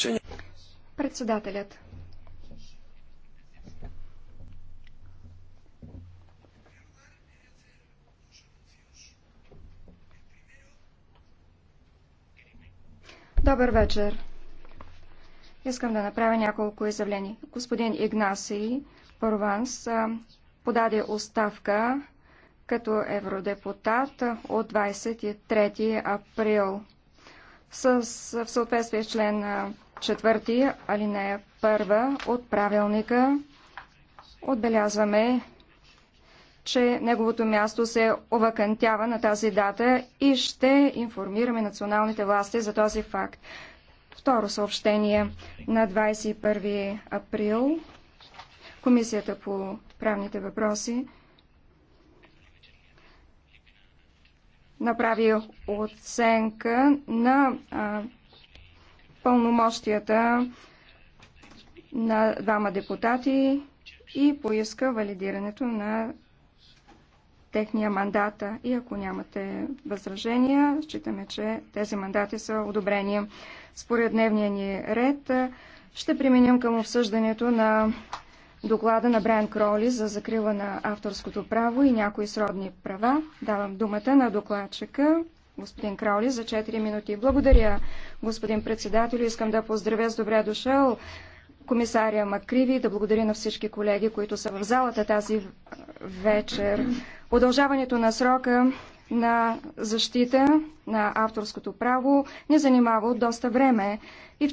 че... Председателят. Добър вечер. Искам да направя няколко изявления. Господин Игнаси Порванс подаде оставка като евродепутат от 23 април. С, в съответствие с член 4, алинея първа от правилника отбелязваме, че неговото място се овакантява на тази дата и ще информираме националните власти за този факт. Второ съобщение на 21 април Комисията по правните въпроси направи оценка на пълномощията на двама депутати и поиска валидирането на техния мандата. И ако нямате възражения, считаме, че тези мандати са одобрени. Според дневния ни ред ще преминем към обсъждането на доклада на Брайан Кроли за закрила на авторското право и някои сродни права. Давам думата на докладчика господин Краули за 4 минути. Благодаря, господин председател. Искам да поздравя с добре дошъл комисаря Макриви, да благодаря на всички колеги, които са в залата тази вечер. Удължаването на срока на защита на авторското право ни занимава от доста време. И